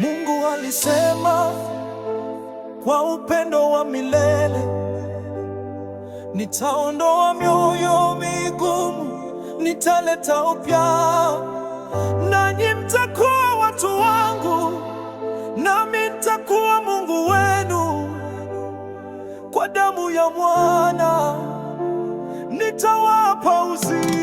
Mungu alisema kwa upendo wa milele, nitaondoa mioyo migumu, nitaleta upya, nanyi mtakuwa watu wangu, nami nitakuwa Mungu wenu. Kwa damu ya mwana nitawapa uzima.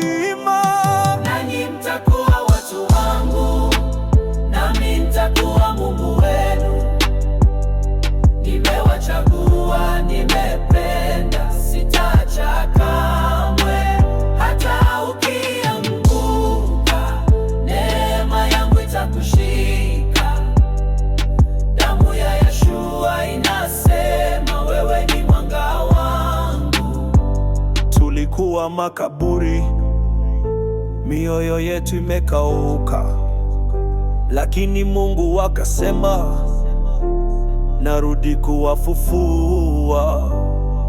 wa makaburi, mioyo yetu imekauka, lakini Mungu akasema, narudi kuwafufua,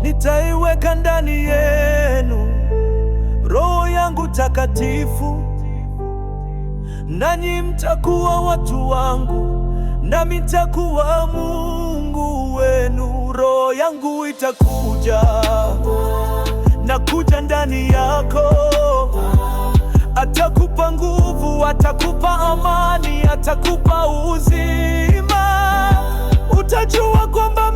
nitaiweka ndani yenu roho yangu takatifu, nanyi mtakuwa watu wangu, nami nitakuwa Mungu wenu. Roho yangu itakuja Atakupa nguvu, atakupa amani, atakupa uzima. Utajua kwamba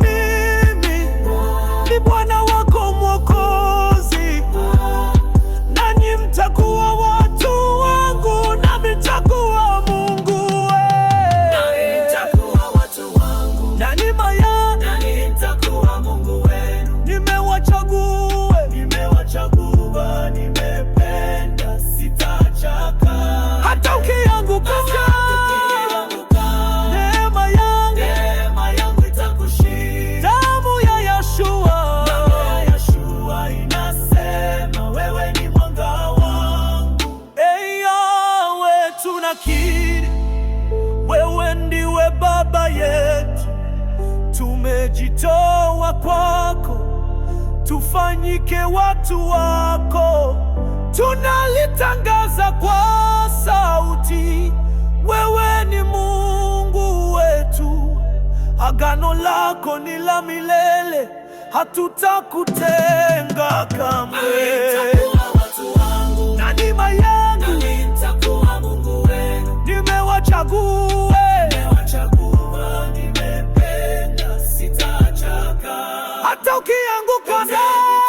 tunakiri wewe ndiwe Baba yetu, tumejitoa kwako, tufanyike watu wako. Tunalitangaza kwa sauti, wewe ni Mungu wetu, agano lako ni la milele, hatutakutenga kamwe. nichague, nimewachagua, nimependa, sitachaka hata ukianguka na